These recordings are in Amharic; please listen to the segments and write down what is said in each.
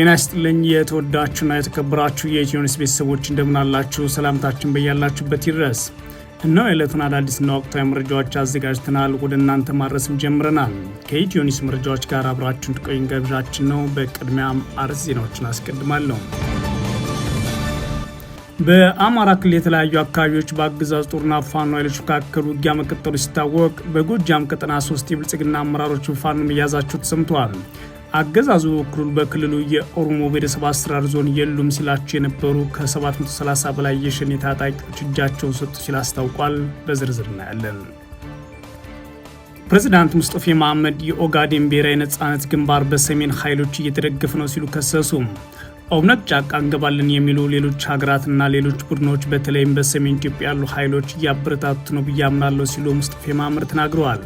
ጤና ይስጥልኝ የተወዳችሁና የተከበራችሁ የኢትዮኒስ ቤተሰቦች እንደምናላችሁ፣ ሰላምታችን በያላችሁበት ይድረስ። እነሆ የዕለቱን አዳዲስና ወቅታዊ መረጃዎች አዘጋጅተናል ወደ እናንተ ማድረስም ጀምረናል። ከኢትዮኒስ መረጃዎች ጋር አብራችሁን እንድትቆዩ ገብዣችን ነው። በቅድሚያም አርዕስተ ዜናዎችን አስቀድማለሁ። በአማራ ክልል የተለያዩ አካባቢዎች በአገዛዝ ጦርና ፋኖ ኃይሎች መካከል ውጊያ መቀጠሉ ሲታወቅ፣ በጎጃም ቀጠና ሶስት የብልጽግና አመራሮች ፋኖ መያዛቸው ተሰምተዋል። አገዛዙ በበኩሉ በክልሉ የኦሮሞ ብሔረሰብ አስተዳደር ዞን የሉም ሲላቸው የነበሩ ከ730 በላይ የሸኔ ታጣቂዎች እጃቸውን ሰጡ ሲል አስታውቋል። በዝርዝር እናያለን። ፕሬዚዳንት ሙስጠፌ መሐመድ የኦጋዴን ብሔራዊ ነጻነት ግንባር በሰሜን ኃይሎች እየተደገፈ ነው ሲሉ ከሰሱ። ኦብነግ ጫካ እንገባለን የሚሉ ሌሎች ሀገራትና ሌሎች ቡድኖች በተለይም በሰሜን ኢትዮጵያ ያሉ ኃይሎች እያበረታቱ ነው ብዬ አምናለሁ ሲሉ ሙስጠፌ መሐመድ ተናግረዋል።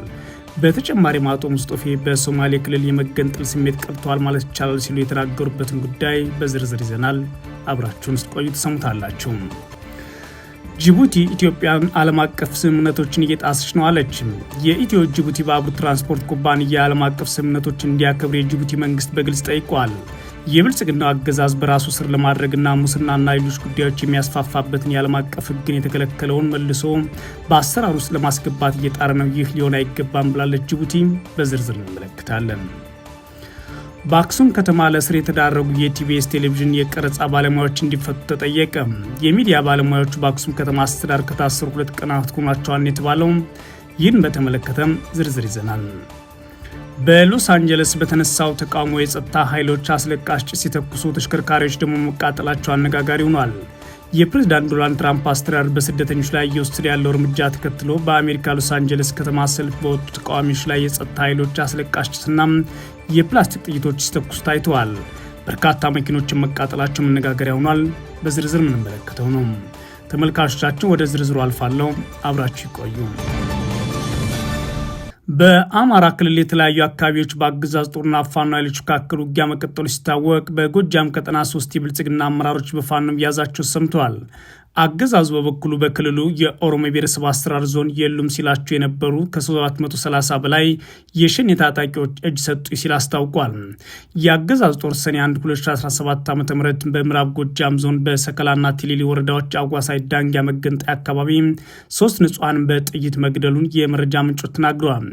በተጨማሪም አቶ ሙስጦፌ በሶማሌ ክልል የመገንጠል ስሜት ቀርተዋል ማለት ይቻላል ሲሉ የተናገሩበትን ጉዳይ በዝርዝር ይዘናል። አብራችሁን ስትቆዩ ትሰሙታላችሁ። ጅቡቲ ኢትዮጵያን ዓለም አቀፍ ስምምነቶችን እየጣሰች ነው አለች። የኢትዮ ጅቡቲ ባቡር ትራንስፖርት ኩባንያ ዓለም አቀፍ ስምምነቶችን እንዲያከብር የጅቡቲ መንግስት በግልጽ ጠይቋል። የብልጽግና አገዛዝ በራሱ ስር ለማድረግና ሙስናና ሌሎች ጉዳዮች የሚያስፋፋበትን የዓለም አቀፍ ህግን የተከለከለውን መልሶ በአሰራር ውስጥ ለማስገባት እየጣረ ነው። ይህ ሊሆን አይገባም ብላለች ጅቡቲ። በዝርዝር እንመለከታለን። በአክሱም ከተማ ለእስር የተዳረጉ የቲቢኤስ ቴሌቪዥን የቀረጻ ባለሙያዎች እንዲፈቱ ተጠየቀ። የሚዲያ ባለሙያዎቹ በአክሱም ከተማ አስተዳደር ከታሰሩ ሁለት ቀናት ሆኗቸዋል የተባለው ይህን በተመለከተም ዝርዝር ይዘናል። በሎስ አንጀለስ በተነሳው ተቃውሞ የጸጥታ ኃይሎች አስለቃሽ ጭስ ሲተኩሱ ተሽከርካሪዎች ደግሞ መቃጠላቸው አነጋጋሪ ሆኗል። የፕሬዝዳንት ዶናልድ ትራምፕ አስተዳደር በስደተኞች ላይ እየወሰደ ያለው እርምጃ ተከትሎ በአሜሪካ ሎስ አንጀለስ ከተማ ሰልፍ በወጡ ተቃዋሚዎች ላይ የጸጥታ ኃይሎች አስለቃሽ ጭስና የፕላስቲክ ጥይቶች ሲተኩሱ ታይተዋል። በርካታ መኪኖችን መቃጠላቸው መነጋገሪያ ሆኗል። በዝርዝር የምንመለከተው ነው። ተመልካቾቻችን ወደ ዝርዝሩ አልፋለሁ። አብራችሁ ይቆዩ። በአማራ ክልል የተለያዩ አካባቢዎች በአገዛዝ ጦርና ፋኖ ኃይሎች መካከል ውጊያ መቀጠሉ ሲታወቅ በጎጃም ቀጠና ሶስት የብልጽግና አመራሮች በፋኖ መያዛቸው ሰምተዋል። አገዛዙ በበኩሉ በክልሉ የኦሮሞ ብሔረሰብ አስተራር ዞን የሉም ሲላቸው የነበሩ ከ730 በላይ የሸኔ ታጣቂዎች እጅ ሰጡ ሲል አስታውቋል። የአገዛዙ ጦር ሰኔ 1 2017 ዓ ም በምዕራብ ጎጃም ዞን በሰከላና ቲሊሊ ወረዳዎች አዋሳይ ዳንጊያ መገንጣይ አካባቢ ሶስት ንጹሐን በጥይት መግደሉን የመረጃ ምንጮች ተናግረዋል።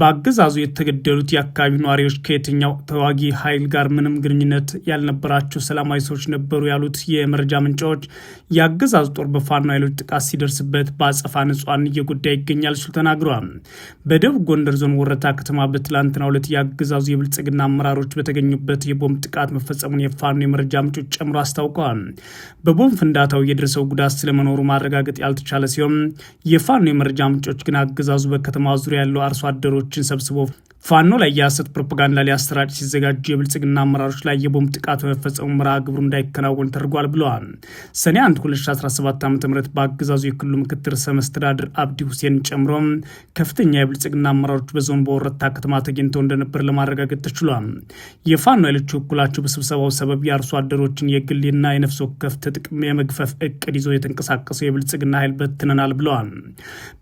በአገዛዙ የተገደሉት የአካባቢው ነዋሪዎች ከየትኛው ተዋጊ ኃይል ጋር ምንም ግንኙነት ያልነበራቸው ሰላማዊ ሰዎች ነበሩ ያሉት የመረጃ ምንጮች የአገዛዙ ጦር በፋኖ ኃይሎች ጥቃት ሲደርስበት በአጸፋ ንጹሐን እየጎዳ ይገኛል ሲሉ ተናግረዋል። በደቡብ ጎንደር ዞን ወረታ ከተማ በትላንትናው ዕለት የአገዛዙ የብልጽግና አመራሮች በተገኙበት የቦምብ ጥቃት መፈጸሙን የፋኖ የመረጃ ምንጮች ጨምሮ አስታውቀዋል። በቦምብ ፍንዳታው የደረሰው ጉዳት ስለመኖሩ ማረጋገጥ ያልተቻለ ሲሆን የፋኖ የመረጃ ምንጮች ግን አገዛዙ በከተማ ዙሪያ ያለው አርሶ አደሮችን ሰብስበው ፋኖ ላይ የሐሰት ፕሮፓጋንዳ ሊያሰራጭ ሲዘጋጁ የብልጽግና አመራሮች ላይ የቦምብ ጥቃት በመፈጸሙ ምራ ግብሩ እንዳይከናወን ተደርጓል ብለዋል። ሰኔ 1 2017 ዓ ም በአገዛዙ የክልሉ ምክትል ርዕሰ መስተዳድር አብዲ ሁሴን ጨምሮ ከፍተኛ የብልጽግና አመራሮች በዞን በወረታ ከተማ ተገኝተው እንደነበር ለማረጋገጥ ተችሏል። የፋኖ ኃይሎች በኩላቸው በስብሰባው ሰበብ የአርሶ አደሮችን የግልና የነፍስ ወከፍ ትጥቅ የመግፈፍ እቅድ ይዞ የተንቀሳቀሰው የብልጽግና ኃይል በትነናል ብለዋል።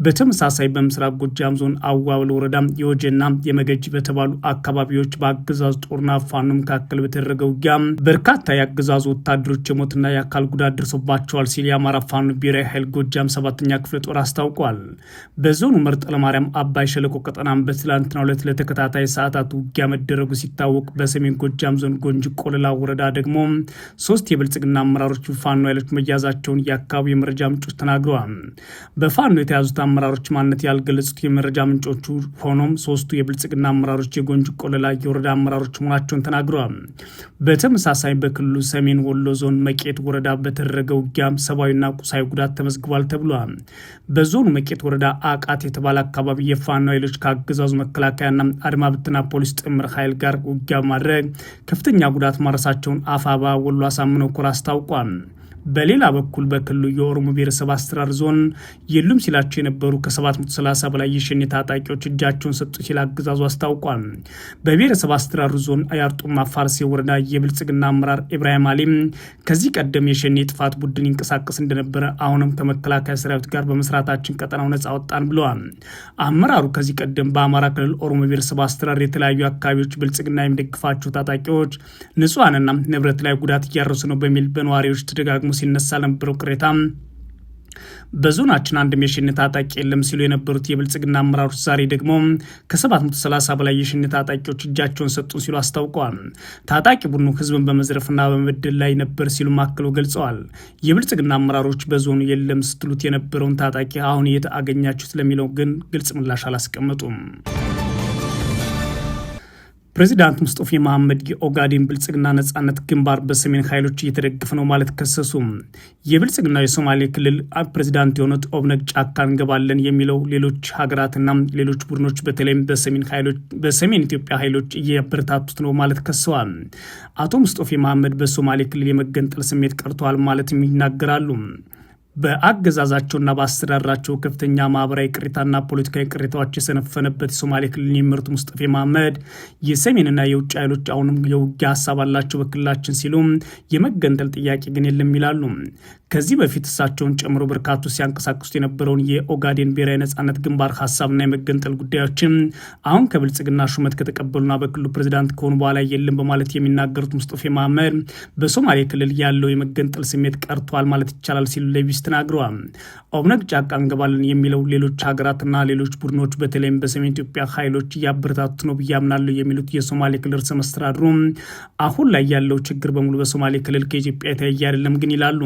በተመሳሳይ በምስራቅ ጎጃም ዞን አዋብል ወረዳ የወጀና የመገ ገጅ በተባሉ አካባቢዎች በአገዛዝ ጦርና ፋኖ መካከል በተደረገ ውጊያ በርካታ የአገዛዙ ወታደሮች የሞትና የአካል ጉዳት ደርሶባቸዋል ሲል የአማራ ፋኖ ብሔራዊ ኃይል ጎጃም ሰባተኛ ክፍለ ጦር አስታውቋል። በዞኑ መርጠ ለማርያም አባይ ሸለቆ ቀጠናም በትላንትና ሁለት ለተከታታይ ሰዓታት ውጊያ መደረጉ ሲታወቅ፣ በሰሜን ጎጃም ዞን ጎንጅ ቆለላ ወረዳ ደግሞ ሶስት የብልጽግና አመራሮች ፋኖ ኃይሎች መያዛቸውን የአካባቢ የመረጃ ምንጮች ተናግረዋል። በፋኖ የተያዙት አመራሮች ማንነት ያልገለጹት የመረጃ ምንጮቹ ሆኖም ሶስቱ የብልጽግና የብልጽግና አመራሮች የጎንጅ ቆለላ የወረዳ አመራሮች መሆናቸውን ተናግረዋል። በተመሳሳይ በክልሉ ሰሜን ወሎ ዞን መቄት ወረዳ በተደረገ ውጊያ ሰብአዊና ቁሳዊ ጉዳት ተመዝግቧል ተብሏል። በዞኑ መቄት ወረዳ አቃት የተባለ አካባቢ የፋኖ ኃይሎች ከአገዛዙ መከላከያና አድማ ብትና ፖሊስ ጥምር ኃይል ጋር ውጊያ ማድረግ ከፍተኛ ጉዳት ማድረሳቸውን አፋባ ወሎ አሳምነው ኮር አስታውቋል። በሌላ በኩል በክልሉ የኦሮሞ ብሔረሰብ አስተዳደር ዞን የሉም ሲላቸው የነበሩ ከ730 በላይ የሸኔ ታጣቂዎች እጃቸውን ሰጡ ሲል አገዛዙ አስታውቋል። በብሔረሰብ አስተዳደር ዞን አያርጡማ ፋርሴ ወረዳ የብልጽግና አመራር ኢብራሂም አሊም ከዚህ ቀደም የሸኔ ጥፋት ቡድን ይንቀሳቀስ እንደነበረ አሁንም ከመከላከያ ሰራዊት ጋር በመስራታችን ቀጠናው ነጻ ወጣን ብለዋል። አመራሩ ከዚህ ቀደም በአማራ ክልል ኦሮሞ ብሔረሰብ አስተዳደር የተለያዩ አካባቢዎች ብልጽግና የሚደግፋቸው ታጣቂዎች ንጹሐንና ንብረት ላይ ጉዳት እያረሱ ነው በሚል በነዋሪዎች ተደጋግሞ ሲነሳ ለነበረው ቅሬታ በዞናችን አንድም የሸኔ ታጣቂ የለም ሲሉ የነበሩት የብልጽግና አመራሮች ዛሬ ደግሞ ከ730 በላይ የሸኔ ታጣቂዎች እጃቸውን ሰጡን ሲሉ አስታውቀዋል። ታጣቂ ቡድኑ ህዝብን በመዝረፍና በመበደል ላይ ነበር ሲሉ ማክለው ገልጸዋል። የብልጽግና አመራሮች በዞኑ የለም ስትሉት የነበረውን ታጣቂ አሁን የት አገኛችሁት ለሚለው ግን ግልጽ ምላሽ አላስቀመጡም። ፕሬዚዳንት ሙስጦፌ መሐመድ የኦጋዴን ብልጽግና ነጻነት ግንባር በሰሜን ኃይሎች እየተደገፈ ነው ማለት ከሰሱ። የብልጽግና የሶማሌ ክልል ፕሬዚዳንት የሆኑት ኦብነግ ጫካ እንገባለን የሚለው ሌሎች ሀገራትና ሌሎች ቡድኖች በተለይም በሰሜን ኢትዮጵያ ኃይሎች እያበረታቱት ነው ማለት ከሰዋል። አቶ ሙስጦፌ መሐመድ በሶማሌ ክልል የመገንጠል ስሜት ቀርተዋል ማለትም ይናገራሉ። በአገዛዛቸውና በአስተዳደራቸው ከፍተኛ ማህበራዊ ቅሬታና ፖለቲካዊ ቅሬታዎች የሰነፈነበት የሶማሌ ክልል የሚመሩት ሙስጠፌ መሐመድ የሰሜንና የውጭ ኃይሎች አሁንም የውጊያ ሀሳብ አላቸው በክልላችን ሲሉ የመገንጠል ጥያቄ ግን የለም ይላሉ። ከዚህ በፊት እሳቸውን ጨምሮ በርካቱ ሲያንቀሳቅሱት የነበረውን የኦጋዴን ብሔራዊ ነጻነት ግንባር ሀሳብና የመገንጠል ጉዳዮችም አሁን ከብልጽግና ሹመት ከተቀበሉና በክልሉ ፕሬዚዳንት ከሆኑ በኋላ የለም በማለት የሚናገሩት ሙስጠፌ መሐመድ በሶማሌ ክልል ያለው የመገንጠል ስሜት ቀርቷል ማለት ይቻላል ሲሉ ለቢስ ተናግረዋል። ኦብነግ ጫካ እንገባለን የሚለው ሌሎች ሀገራትና ሌሎች ቡድኖች በተለይም በሰሜን ኢትዮጵያ ኃይሎች እያበረታቱ ነው ብዬ አምናለሁ የሚሉት የሶማሌ ክልል ርዕሰ መስተዳድሩ አሁን ላይ ያለው ችግር በሙሉ በሶማሌ ክልል ከኢትዮጵያ የተለየ አይደለም ግን ይላሉ።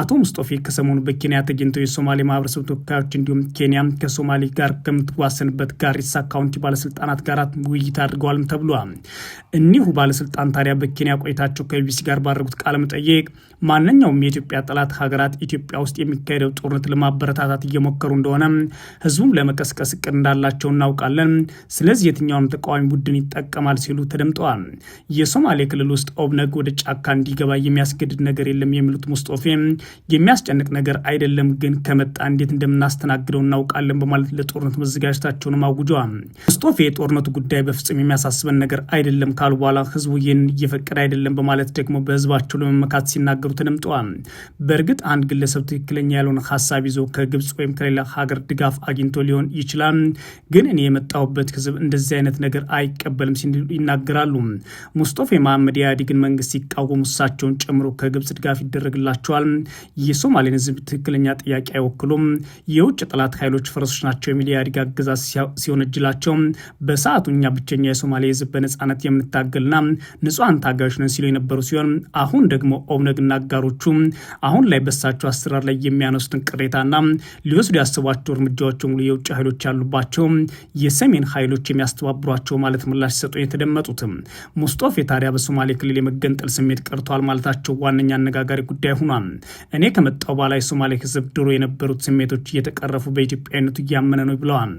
አቶ ሙስጦፌ ከሰሞኑ በኬንያ ተገኝተው የሶማሌ ማህበረሰብ ተወካዮች እንዲሁም ኬንያ ከሶማሌ ጋር ከምትዋሰንበት ጋሪሳ ካውንቲ ባለስልጣናት ጋር ውይይት አድርገዋልም ተብሏል። እኒሁ ባለስልጣን ታዲያ በኬንያ ቆይታቸው ከቢቢሲ ጋር ባደረጉት ቃለመጠየቅ ማንኛውም የኢትዮጵያ ጠላት ሀገራት ኢትዮጵያ ውስጥ የሚካሄደው ጦርነት ለማበረታታት እየሞከሩ እንደሆነ ህዝቡም ለመቀስቀስ እቅድ እንዳላቸው እናውቃለን። ስለዚህ የትኛውም ተቃዋሚ ቡድን ይጠቀማል ሲሉ ተደምጠዋል። የሶማሌ ክልል ውስጥ ኦብነግ ወደ ጫካ እንዲገባ የሚያስገድድ ነገር የለም የሚሉት ሙስጦፌ የሚያስጨንቅ ነገር አይደለም፣ ግን ከመጣ እንዴት እንደምናስተናግደው እናውቃለን በማለት ለጦርነት መዘጋጀታቸውንም አውጇል። ሙስጦፌ የጦርነቱ ጉዳይ በፍጹም የሚያሳስበን ነገር አይደለም ካሉ በኋላ ህዝቡ ይህን እየፈቀደ አይደለም በማለት ደግሞ በህዝባቸው ለመመካት ሲናገሩ ተደምጠዋል። በእርግጥ አንድ ግለሰብ ትክክለኛ ያለውን ሀሳብ ይዞ ከግብፅ ወይም ከሌላ ሀገር ድጋፍ አግኝቶ ሊሆን ይችላል። ግን እኔ የመጣሁበት ህዝብ እንደዚህ አይነት ነገር አይቀበልም ሲሉ ይናገራሉ። ሙስጦፌ መሐመድ የኢህአዴግን መንግስት ሲቃወሙ እሳቸውን ጨምሮ ከግብፅ ድጋፍ ይደረግላቸዋል። የሶማሌን ህዝብ ትክክለኛ ጥያቄ አይወክሉም። የውጭ ጠላት ኃይሎች ፈረሶች ናቸው የሚል የኢህአዴግ አገዛዝ ሲሆነጅላቸው በሰዓቱ እኛ ብቸኛ የሶማሌ ህዝብ በነጻነት የምንታገልና ንጹሐን ታጋዮች ነን ሲሉ የነበሩ ሲሆን አሁን ደግሞ ኦብነግና አጋሮቹ አሁን ላይ በሳቸው አሰራር አመራር ላይ የሚያነሱትን ቅሬታና ሊወስዱ ያስቧቸው እርምጃዎች ሙሉ የውጭ ኃይሎች ያሉባቸው የሰሜን ኃይሎች የሚያስተባብሯቸው ማለት ምላሽ ሲሰጡ የተደመጡትም ሙስጦፌ ታዲያ በሶማሌ ክልል የመገንጠል ስሜት ቀርቷል ማለታቸው ዋነኛ አነጋጋሪ ጉዳይ ሆኗል። እኔ ከመጣው በኋላ የሶማሌ ህዝብ ድሮ የነበሩት ስሜቶች እየተቀረፉ በኢትዮጵያዊነቱ እያመነ ነው ብለዋል።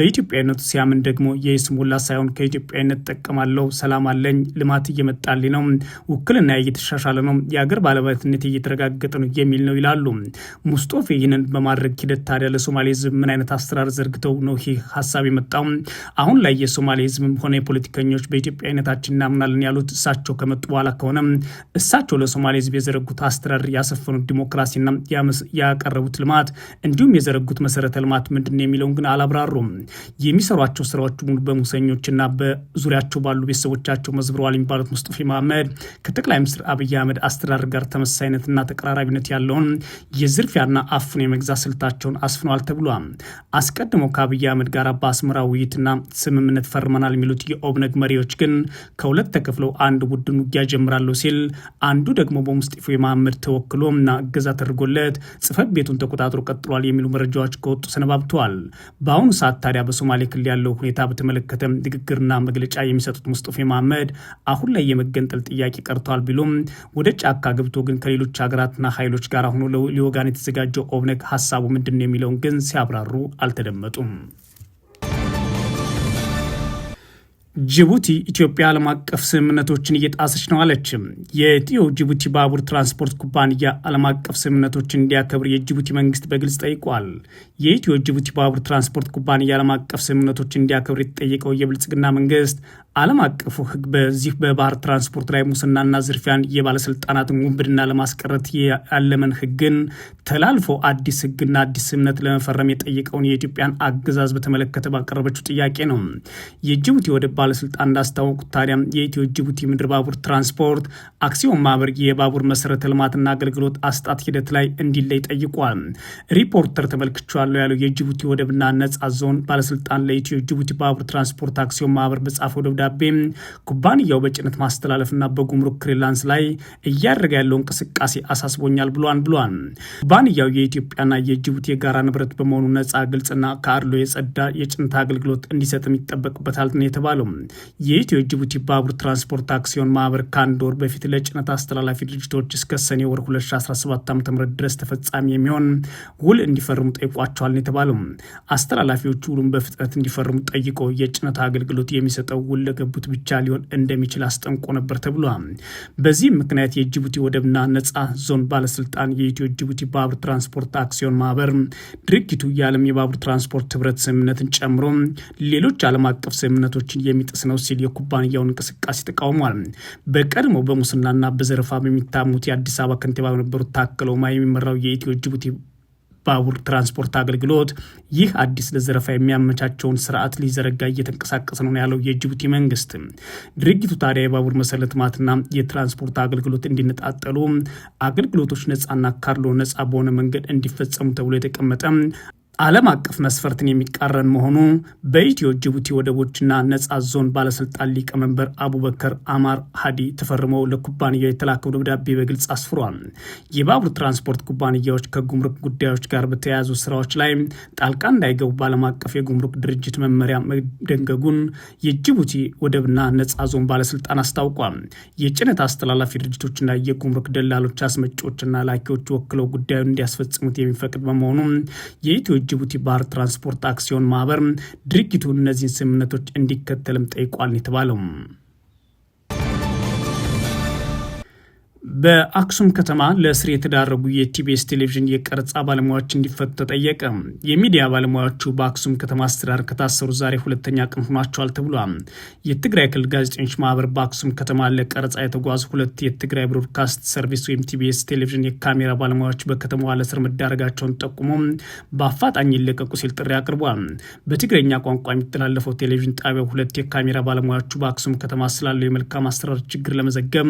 በኢትዮጵያዊነቱ ሲያምን ደግሞ የይስሙላ ሳይሆን ከኢትዮጵያዊነት ጠቀማለሁ፣ ሰላም አለኝ፣ ልማት እየመጣልኝ ነው፣ ውክልና እየተሻሻለ ነው፣ የአገር ባለቤትነት እየተረጋገጠ ነው የሚል ነው ይላሉ። ሙስጦፌ ይህንን በማድረግ ሂደት ታዲያ ለሶማሌ ህዝብ ምን አይነት አሰራር ዘርግተው ነው ይህ ሀሳብ የመጣው? አሁን ላይ የሶማሌ ህዝብም ሆነ የፖለቲከኞች አይነታችን እናምናለን ያሉት እሳቸው ከመጡ በኋላ ከሆነ እሳቸው ለሶማሌ ህዝብ የዘረጉት አስተራር ያሰፈኑት ዲሞክራሲና ያቀረቡት ልማት እንዲሁም የዘረጉት መሰረተ ልማት ምንድን የሚለውን ግን አላብራሩም። የሚሰሯቸው ስራዎች ሙሉ በሙሰኞችና በዙሪያቸው ባሉ ቤተሰቦቻቸው መዝብረዋል የሚባሉት ሙስጦፌ መሐመድ ከጠቅላይ ሚኒስትር አብይ አህመድ አስተዳደር ጋር ተመሳሳይነትና ተቀራራቢነት ያለውን የዝርፊያና አፍኖ የመግዛት ስልታቸውን አስፍነዋል ተብሏል። አስቀድሞ ከአብይ አህመድ ጋር በአስመራ ውይይትና ስምምነት ፈርመናል የሚሉት የኦብነግ መሪዎች ግን ከሁለት ተከፍለው አንድ ቡድን ውጊያ ጀምራለሁ ሲል፣ አንዱ ደግሞ በሙስጢፎ የመሐመድ ተወክሎና እገዛ ተደርጎለት ጽፈት ቤቱን ተቆጣጥሮ ቀጥሏል የሚሉ መረጃዎች ከወጡ ሰነባብተዋል። በአሁኑ ሰዓት ታዲያ በሶማሌ ክልል ያለው ሁኔታ በተመለከተ ንግግርና መግለጫ የሚሰጡት ሙስጢፎ መሐመድ አሁን ላይ የመገንጠል ጥያቄ ቀርተዋል ቢሉም ወደ ጫካ ገብቶ ግን ከሌሎች ሀገራትና ኃይሎች ጋር ሆኖ ሊወጋን የተዘጋጀው ኦብነግ ሀሳቡ ምንድን ነው የሚለውን ግን ሲያብራሩ አልተደመጡም። ጅቡቲ ኢትዮጵያ ዓለም አቀፍ ስምምነቶችን እየጣሰች ነው አለች። የኢትዮ ጅቡቲ ባቡር ትራንስፖርት ኩባንያ ዓለም አቀፍ ስምምነቶችን እንዲያከብር የጅቡቲ መንግስት በግልጽ ጠይቋል። የኢትዮ ጅቡቲ ባቡር ትራንስፖርት ኩባንያ ዓለም አቀፍ ስምምነቶችን እንዲያከብር የተጠየቀው የብልጽግና መንግስት ዓለም አቀፉ ሕግ በዚህ በባህር ትራንስፖርት ላይ ሙስናና ዝርፊያን የባለስልጣናትን ውንብድና ለማስቀረት ያለመን ሕግን ተላልፎ አዲስ ሕግና አዲስ ስምምነት ለመፈረም የጠየቀውን የኢትዮጵያን አገዛዝ በተመለከተ ባቀረበችው ጥያቄ ነው። የጅቡቲ ወደ ባለስልጣን እንዳስታወቁት ታዲያም የኢትዮ ጅቡቲ ምድር ባቡር ትራንስፖርት አክሲዮን ማህበር የባቡር መሰረተ ልማትና አገልግሎት አስጣት ሂደት ላይ እንዲለይ ጠይቋል። ሪፖርተር ተመልክቻለሁ ያለው የጅቡቲ ወደብና ነጻ ዞን ባለስልጣን ለኢትዮ ጅቡቲ ባቡር ትራንስፖርት አክሲዮን ማህበር በጻፈው ደብዳቤ ኩባንያው በጭነት ማስተላለፍና በጉምሩክ ክሊራንስ ላይ እያደረገ ያለው እንቅስቃሴ አሳስቦኛል ብሏን ብሏል። ኩባንያው የኢትዮጵያና የጅቡቲ የጋራ ንብረት በመሆኑ ነጻ፣ ግልጽና ከአድሎ የጸዳ የጭነት አገልግሎት እንዲሰጥም ይጠበቅበታል ነው የተባለው። የኢትዮ ጅቡቲ ባቡር ትራንስፖርት አክሲዮን ማህበር ከአንድ ወር በፊት ለጭነት አስተላላፊ ድርጅቶች እስከ ሰኔ ወር 2017 ዓ.ም ድረስ ተፈጻሚ የሚሆን ውል እንዲፈርሙ ጠይቋቸዋል ነው የተባለው። አስተላላፊዎቹ ውሉን በፍጥነት እንዲፈርሙ ጠይቆ የጭነት አገልግሎት የሚሰጠው ውል ለገቡት ብቻ ሊሆን እንደሚችል አስጠንቆ ነበር ተብሏል። በዚህም ምክንያት የጅቡቲ ወደብና ነጻ ዞን ባለስልጣን የኢትዮ ጅቡቲ ባቡር ትራንስፖርት አክሲዮን ማህበር ድርጊቱ የዓለም የባቡር ትራንስፖርት ህብረት ስምምነትን ጨምሮ ሌሎች ዓለም አቀፍ ስምምነቶችን የሚ የሚጥስ ነው ሲል የኩባንያውን እንቅስቃሴ ተቃውሟል። በቀድሞ በሙስናና በዘረፋ በሚታሙት የአዲስ አበባ ከንቲባ የነበሩት ታከለ ኡማ የሚመራው የኢትዮ ጅቡቲ ባቡር ትራንስፖርት አገልግሎት ይህ አዲስ ለዘረፋ የሚያመቻቸውን ስርዓት ሊዘረጋ እየተንቀሳቀሰ ነው ያለው የጅቡቲ መንግስት፣ ድርጊቱ ታዲያ የባቡር መሰረተ ልማትና የትራንስፖርት አገልግሎት እንዲነጣጠሉ፣ አገልግሎቶች ነፃና ካርሎ ነፃ በሆነ መንገድ እንዲፈጸሙ ተብሎ የተቀመጠ ዓለም አቀፍ መስፈርትን የሚቃረን መሆኑ በኢትዮ ጅቡቲ ወደቦችና ነጻ ዞን ባለስልጣን ሊቀመንበር አቡበከር አማር ሀዲ ተፈርመው ለኩባንያው የተላከው ደብዳቤ በግልጽ አስፍሯል። የባቡር ትራንስፖርት ኩባንያዎች ከጉምሩክ ጉዳዮች ጋር በተያያዙ ስራዎች ላይ ጣልቃ እንዳይገቡ በዓለም አቀፍ የጉምሩክ ድርጅት መመሪያ መደንገጉን የጅቡቲ ወደብና ነጻ ዞን ባለስልጣን አስታውቋል። የጭነት አስተላላፊ ድርጅቶችና የጉምሩክ ደላሎች፣ አስመጪዎችና ላኪዎች ወክለው ጉዳዩን እንዲያስፈጽሙት የሚፈቅድ በመሆኑ የኢትዮ የጅቡቲ ባህር ትራንስፖርት አክሲዮን ማህበር ድርጅቱ እነዚህን ስምምነቶች እንዲከተልም ጠይቋል የተባለው በአክሱም ከተማ ለእስር የተዳረጉ የቲቢኤስ ቴሌቪዥን የቀረጻ ባለሙያዎች እንዲፈቱ ተጠየቀ። የሚዲያ ባለሙያዎቹ በአክሱም ከተማ አስተዳደር ከታሰሩ ዛሬ ሁለተኛ ቀን ሆኗቸዋል ተብሏል። የትግራይ ክልል ጋዜጠኞች ማህበር በአክሱም ከተማ ለቀረጻ የተጓዙ ሁለት የትግራይ ብሮድካስት ሰርቪስ ወይም ቲቢኤስ ቴሌቪዥን የካሜራ ባለሙያዎች በከተማዋ ለእስር መዳረጋቸውን ጠቁሞ በአፋጣኝ ይለቀቁ ሲል ጥሪ አቅርቧል። በትግረኛ ቋንቋ የሚተላለፈው ቴሌቪዥን ጣቢያው ሁለት የካሜራ ባለሙያዎቹ በአክሱም ከተማ ስላለው የመልካም አስተዳደር ችግር ለመዘገብ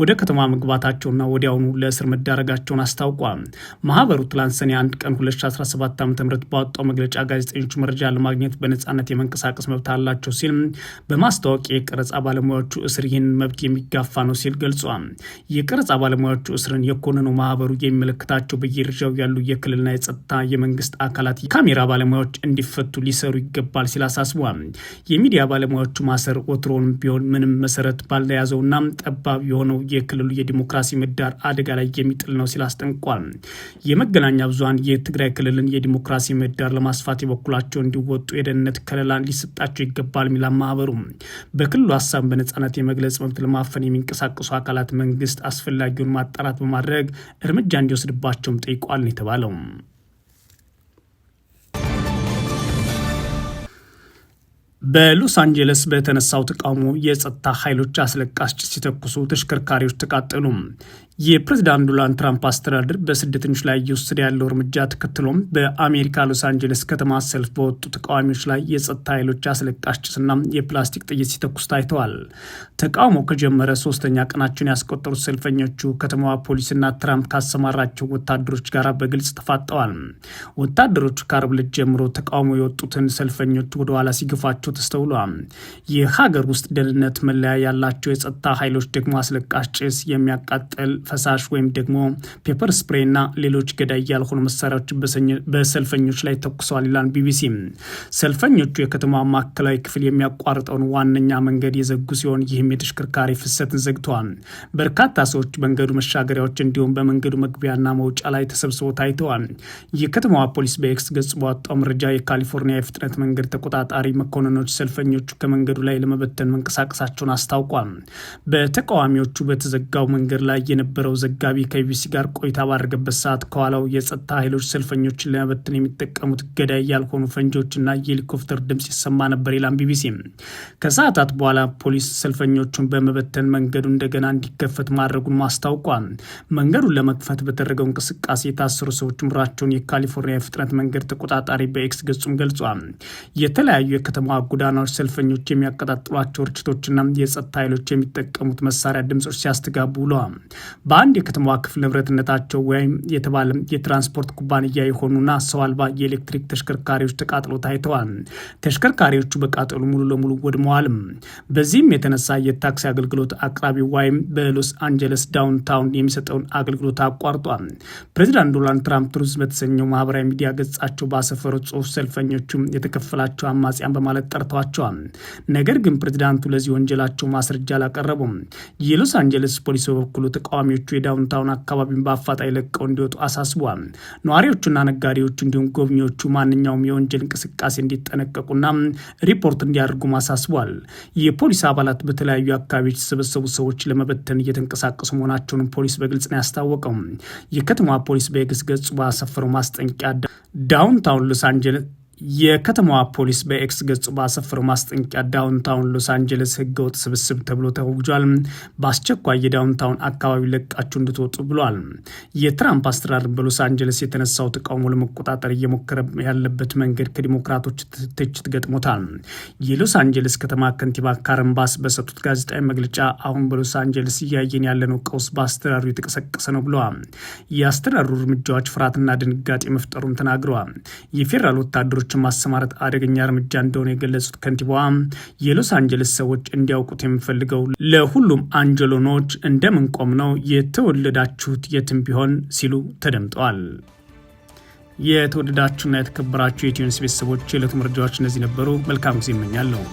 ወደ ከተማ መግባት መላካቸውና ወዲያውኑ ለእስር መዳረጋቸውን አስታውቋል። ማህበሩ ትላንት ሰኔ 1 ቀን 2017 ዓ ም ባወጣው መግለጫ ጋዜጠኞቹ መረጃ ለማግኘት በነጻነት የመንቀሳቀስ መብት አላቸው ሲል በማስታወቅ የቀረጻ ባለሙያዎቹ እስር ይህንን መብት የሚጋፋ ነው ሲል ገልጿል። የቀረጻ ባለሙያዎቹ እስርን የኮነኑ ማህበሩ የሚመለከታቸው በየደረጃው ያሉ የክልልና የጸጥታ የመንግስት አካላት የካሜራ ባለሙያዎች እንዲፈቱ ሊሰሩ ይገባል ሲል አሳስቧል። የሚዲያ ባለሙያዎቹ ማሰር ወትሮውንም ቢሆን ምንም መሰረት ባልተያዘውና ጠባብ የሆነው የክልሉ የዲሞክራ የዲሞክራሲ ምህዳር አደጋ ላይ የሚጥል ነው ሲል አስጠንቋል። የመገናኛ ብዙሀን የትግራይ ክልልን የዲሞክራሲ ምህዳር ለማስፋት የበኩላቸው እንዲወጡ የደህንነት ከለላ ሊሰጣቸው ይገባል ሚላ ማህበሩ በክልሉ ሀሳብ በነጻነት የመግለጽ መብት ለማፈን የሚንቀሳቀሱ አካላት መንግስት አስፈላጊውን ማጣራት በማድረግ እርምጃ እንዲወስድባቸውም ጠይቋል ነው የተባለው። በሎስ አንጀለስ በተነሳው ተቃውሞ የጸጥታ ኃይሎች አስለቃሽ ሲተኩሱ ተሽከርካሪዎች ተቃጠሉ። የፕሬዚዳንት ዶናልድ ትራምፕ አስተዳደር በስደተኞች ላይ እየወሰደ ያለው እርምጃ ተከትሎም በአሜሪካ ሎስ አንጀለስ ከተማ ሰልፍ በወጡ ተቃዋሚዎች ላይ የጸጥታ ኃይሎች አስለቃሽ ጭስና የፕላስቲክ ጥይት ሲተኩስ ታይተዋል። ተቃውሞ ከጀመረ ሶስተኛ ቀናቸውን ያስቆጠሩት ሰልፈኞቹ ከተማዋ ፖሊስና ትራምፕ ካሰማራቸው ወታደሮች ጋር በግልጽ ተፋጠዋል። ወታደሮቹ ከአርብ ዕለት ጀምሮ ተቃውሞ የወጡትን ሰልፈኞች ወደኋላ ሲገፋቸው ተስተውሏል። የሀገር ውስጥ ደህንነት መለያ ያላቸው የጸጥታ ኃይሎች ደግሞ አስለቃሽ ጭስ የሚያቃጥል ፈሳሽ ወይም ደግሞ ፔፐር እና ሌሎች ገዳይ ያልሆኑ መሳሪያዎች በሰልፈኞች ላይ ተኩሰዋል ይላል ቢቢሲ። ሰልፈኞቹ የከተማ ማዕከላዊ ክፍል የሚያቋርጠውን ዋነኛ መንገድ የዘጉ ሲሆን ይህም የተሽከርካሪ ፍሰትን ዘግተዋል። በርካታ ሰዎች መንገዱ መሻገሪያዎች እንዲሁም በመንገዱ መግቢያና መውጫ ላይ ተሰብስበው ታይተዋል። የከተማዋ ፖሊስ በኤክስ ገጽ ባወጣው መረጃ የካሊፎርኒያ የፍጥነት መንገድ ተቆጣጣሪ መኮንኖች ሰልፈኞቹ ከመንገዱ ላይ ለመበተን መንቀሳቀሳቸውን አስታውቋል። በተቃዋሚዎቹ በተዘጋው መንገድ ላይ የነበ የነበረው ዘጋቢ ከቢቢሲ ጋር ቆይታ ባደረገበት ሰዓት ከኋላው የጸጥታ ኃይሎች ሰልፈኞችን ለመበተን የሚጠቀሙት ገዳይ ያልሆኑ ፈንጂዎችና የሄሊኮፕተር ድምፅ ይሰማ ነበር ይላም ቢቢሲ። ከሰዓታት በኋላ ፖሊስ ሰልፈኞቹን በመበተን መንገዱ እንደገና እንዲከፈት ማድረጉን ማስታውቋል። መንገዱን ለመክፈት በተደረገው እንቅስቃሴ የታሰሩ ሰዎች ምራቸውን የካሊፎርኒያ የፍጥነት መንገድ ተቆጣጣሪ በኤክስ ገጹም ገልጿል። የተለያዩ የከተማ ጎዳናዎች ሰልፈኞች የሚያቀጣጥሏቸው ርችቶችና የጸጥታ ኃይሎች የሚጠቀሙት መሳሪያ ድምጾች ሲያስተጋቡ ውለዋል። በአንድ የከተማዋ ክፍል ንብረትነታቸው ወይም የተባለ የትራንስፖርት ኩባንያ የሆኑና ሰው አልባ የኤሌክትሪክ ተሽከርካሪዎች ተቃጥሎ ታይተዋል። ተሽከርካሪዎቹ በቃጠሉ ሙሉ ለሙሉ ወድመዋል። በዚህም የተነሳ የታክሲ አገልግሎት አቅራቢ ወይም በሎስ አንጀለስ ዳውንታውን የሚሰጠውን አገልግሎት አቋርጧል። ፕሬዚዳንት ዶናልድ ትራምፕ ትሩዝ በተሰኘው ማህበራዊ ሚዲያ ገጻቸው ባሰፈሩት ጽሁፍ ሰልፈኞቹ የተከፈላቸው አማጽያን በማለት ጠርተዋቸዋል። ነገር ግን ፕሬዚዳንቱ ለዚህ ወንጀላቸው ማስረጃ አላቀረቡም። የሎስ አንጀለስ ፖሊስ በበኩሉ ተቃዋሚ ነዋሪዎቹ የዳውንታውን አካባቢን በአፋጣኝ ለቀው እንዲወጡ አሳስቧል። ነዋሪዎቹና ነጋዴዎቹ እንዲሁም ጎብኚዎቹ ማንኛውም የወንጀል እንቅስቃሴ እንዲጠነቀቁና ሪፖርት እንዲያደርጉም አሳስቧል። የፖሊስ አባላት በተለያዩ አካባቢዎች የተሰበሰቡ ሰዎች ለመበተን እየተንቀሳቀሱ መሆናቸውንም ፖሊስ በግልጽ ነው ያስታወቀው። የከተማ ፖሊስ በኤክስ ገጹ ባሰፈረው ማስጠንቂያ ዳውንታውን ሎስ አንጀለስ የከተማዋ ፖሊስ በኤክስ ገጹ ባሰፈረው ማስጠንቂያ ዳውንታውን ሎስ አንጀለስ ህገወጥ ስብስብ ተብሎ ተወግጇል። በአስቸኳይ የዳውንታውን አካባቢ ለቃችሁ እንድትወጡ ብሏል። የትራምፕ አስተዳደር በሎስ አንጀለስ የተነሳው ተቃውሞ ለመቆጣጠር እየሞከረ ያለበት መንገድ ከዲሞክራቶች ትችት ገጥሞታል። የሎስ አንጀለስ ከተማ ከንቲባ ካረን ባስ በሰጡት ጋዜጣዊ መግለጫ አሁን በሎስ አንጀለስ እያየን ያለነው ቀውስ በአስተዳደሩ የተቀሰቀሰ ነው ብለዋል። የአስተዳደሩ እርምጃዎች ፍርሃትና ድንጋጤ መፍጠሩን ተናግረዋል። የፌዴራል ወታደሮች ወታደሮችን ማሰማራት አደገኛ እርምጃ እንደሆነ የገለጹት ከንቲባዋ የሎስ አንጀለስ ሰዎች እንዲያውቁት የሚፈልገው ለሁሉም አንጀሎኖች እንደምንቆም ነው የተወለዳችሁት የትም ቢሆን ሲሉ ተደምጠዋል። የተወደዳችሁና የተከበራችሁ የኢትዮ ኒውስ ቤተሰቦች የዕለቱ መረጃዎች እነዚህ ነበሩ። መልካም ጊዜ ይመኛለሁ።